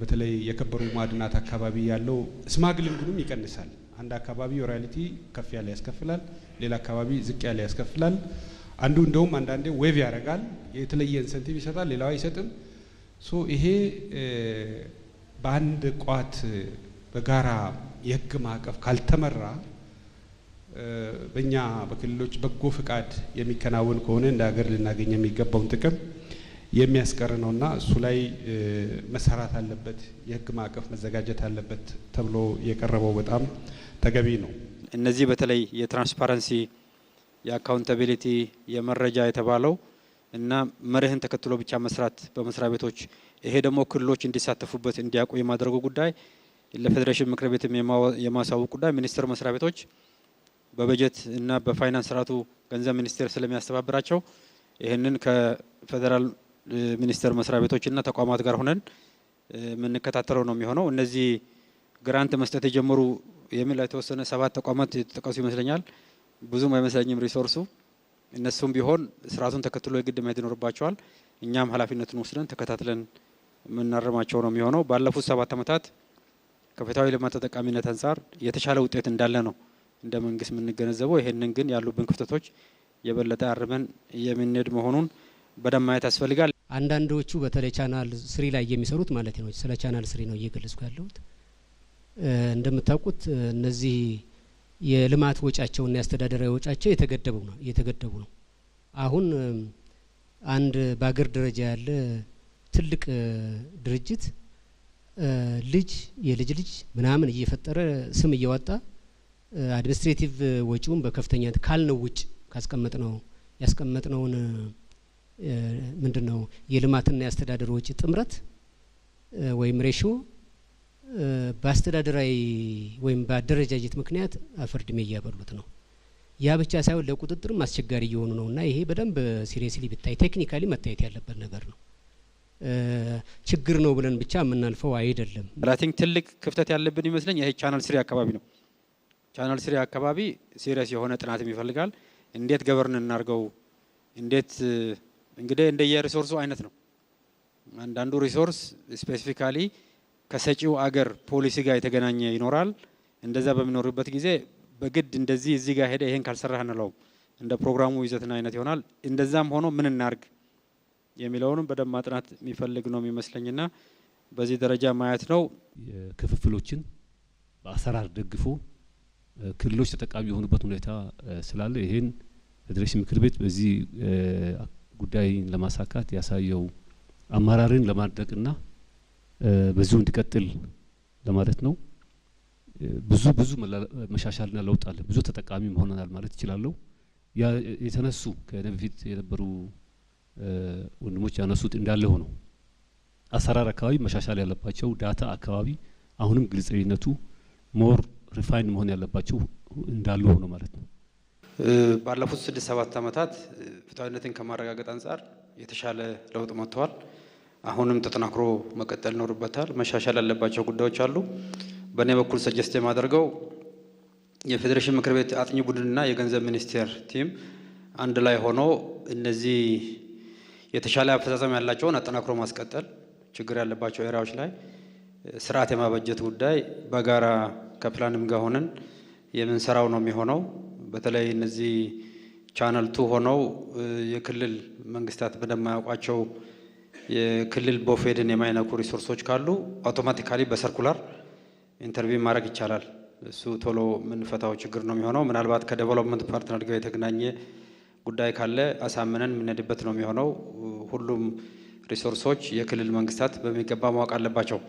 በተለይ የከበሩ ማዕድናት አካባቢ ያለው ስማግሊንጉንም ይቀንሳል። አንድ አካባቢ ሮያሊቲ ከፍ ያለ ያስከፍላል፣ ሌላ አካባቢ ዝቅ ያለ ያስከፍላል። አንዱ እንደውም አንዳንዴ ዌቭ ያደርጋል፣ የተለየ ኢንሰንቲቭ ይሰጣል፣ ሌላው አይሰጥም። ሶ ይሄ በአንድ ቋት በጋራ የህግ ማዕቀፍ ካልተመራ በእኛ በክልሎች በጎ ፍቃድ የሚከናወን ከሆነ እንደ ሀገር ልናገኝ የሚገባውን ጥቅም የሚያስቀር ነውና እሱ ላይ መሰራት አለበት፣ የህግ ማዕቀፍ መዘጋጀት አለበት ተብሎ የቀረበው በጣም ተገቢ ነው። እነዚህ በተለይ የትራንስፓረንሲ የአካውንታቢሊቲ የመረጃ የተባለው እና መርህን ተከትሎ ብቻ መስራት በመስሪያ ቤቶች ይሄ ደግሞ ክልሎች እንዲሳተፉበት እንዲያውቁ የማድረጉ ጉዳይ ለፌዴሬሽን ምክር ቤትም የማሳወቅ ጉዳይ ሚኒስቴር መስሪያ ቤቶች በበጀት እና በፋይናንስ ስርዓቱ ገንዘብ ሚኒስቴር ስለሚያስተባብራቸው ይህንን ከፌዴራል ሚኒስቴር መስሪያ ቤቶችና ተቋማት ጋር ሆነን የምንከታተለው ነው የሚሆነው። እነዚህ ግራንት መስጠት የጀመሩ የሚል የተወሰነ ሰባት ተቋማት የተጠቀሱ ይመስለኛል። ብዙም አይመስለኝም ሪሶርሱ። እነሱም ቢሆን ስርዓቱን ተከትሎ የግድ መሄድ ይኖርባቸዋል። እኛም ኃላፊነቱን ወስደን ተከታትለን የምናርማቸው ነው የሚሆነው። ባለፉት ሰባት ዓመታት ከፍትሐዊ ልማት ተጠቃሚነት አንጻር የተሻለ ውጤት እንዳለ ነው እንደ መንግስት የምንገነዘበው። ይህንን ግን ያሉብን ክፍተቶች የበለጠ አርመን የምንሄድ መሆኑን በደንብ ማየት ያስፈልጋል። አንዳንዶቹ በተለይ ቻናል ስሪ ላይ የሚሰሩት ማለት ነው። ስለ ቻናል ስሪ ነው እየገለጽኩ ያለሁት። እንደምታውቁት እነዚህ የልማት ወጫቸውና የአስተዳደራዊ ወጫቸው የተገደቡ ነው የተገደቡ ነው። አሁን አንድ በአገር ደረጃ ያለ ትልቅ ድርጅት ልጅ የልጅ ልጅ ምናምን እየፈጠረ ስም እያወጣ አድሚኒስትሬቲቭ ወጪውን በከፍተኛ ካልነው ውጭ ካስቀመጥ ነው ነውን ምንድን ነው የልማትና የአስተዳደር ወጪ ጥምረት ወይም ሬሾ በአስተዳደራዊ ወይም በአደረጃጀት ምክንያት አፈር ድሜ እያበሉት ነው። ያ ብቻ ሳይሆን ለቁጥጥርም አስቸጋሪ እየሆኑ ነው እና ይሄ በደንብ ሲሪየስሊ ብታይ ቴክኒካሊ መታየት ያለበት ነገር ነው። ችግር ነው ብለን ብቻ የምናልፈው አይደለም። ራቲንግ ትልቅ ክፍተት ያለብን ይመስለኝ ይሄ ቻናል ስሪ አካባቢ ነው። ቻናል ስሪ አካባቢ ሲሪየስ የሆነ ጥናትም ይፈልጋል። እንዴት ገበርን እናርገው እንዴት እንግዲህ እንደየሪሶርሱ አይነት ነው። አንዳንዱ ሪሶርስ ስፔሲፊካሊ ከሰጪው አገር ፖሊሲ ጋር የተገናኘ ይኖራል። እንደዛ በሚኖርበት ጊዜ በግድ እንደዚህ እዚህ ጋር ሄደ ይሄን ካልሰራህ እንለውም። እንደ ፕሮግራሙ ይዘትና አይነት ይሆናል። እንደዛም ሆኖ ምን እናርግ የሚለውንም በደንብ ማጥናት የሚፈልግ ነው የሚመስለኝና በዚህ ደረጃ ማየት ነው። ክፍፍሎችን በአሰራር ደግፎ ክልሎች ተጠቃሚ የሆኑበት ሁኔታ ስላለ ይሄን ፌዴሬሽን ምክር ቤት በዚህ ጉዳይን ለማሳካት ያሳየው አመራርን ለማድረግና በዚሁ እንዲቀጥል ለማለት ነው። ብዙ ብዙ መሻሻልና ለውጥ አለ። ብዙ ተጠቃሚ መሆናል ማለት ይችላለሁ። ያ የተነሱ ከነ በፊት የነበሩ ወንድሞች ያነሱት እንዳለ ሆኖ አሰራር አካባቢ መሻሻል ያለባቸው ዳታ አካባቢ አሁንም ግልጽነቱ ሞር ሪፋይን መሆን ያለባቸው እንዳሉ ሆኖ ማለት ነው። ባለፉት ስድስት ሰባት ዓመታት ፍትሐዊነትን ከማረጋገጥ አንጻር የተሻለ ለውጥ መጥተዋል። አሁንም ተጠናክሮ መቀጠል ይኖርበታል። መሻሻል ያለባቸው ጉዳዮች አሉ። በእኔ በኩል ሰጀስት የማደርገው የፌዴሬሽን ምክር ቤት አጥኚ ቡድንና የገንዘብ ሚኒስቴር ቲም አንድ ላይ ሆኖ እነዚህ የተሻለ አፈጻጸም ያላቸውን አጠናክሮ ማስቀጠል፣ ችግር ያለባቸው ኤሪያዎች ላይ ስርዓት የማበጀት ጉዳይ በጋራ ከፕላንም ጋር ሆነን የምንሰራው ነው የሚሆነው። በተለይ እነዚህ ቻናል ቱ ሆነው የክልል መንግስታት በደማያውቋቸው የክልል ቦፌድን የማይነኩ ሪሶርሶች ካሉ አውቶማቲካሊ በሰርኩላር ኢንተርቪው ማድረግ ይቻላል። እሱ ቶሎ የምንፈታው ችግር ነው የሚሆነው። ምናልባት ከዴቨሎፕመንት ፓርትነር ጋር የተገናኘ ጉዳይ ካለ አሳምነን የምንሄድበት ነው የሚሆነው። ሁሉም ሪሶርሶች የክልል መንግስታት በሚገባ ማወቅ አለባቸው።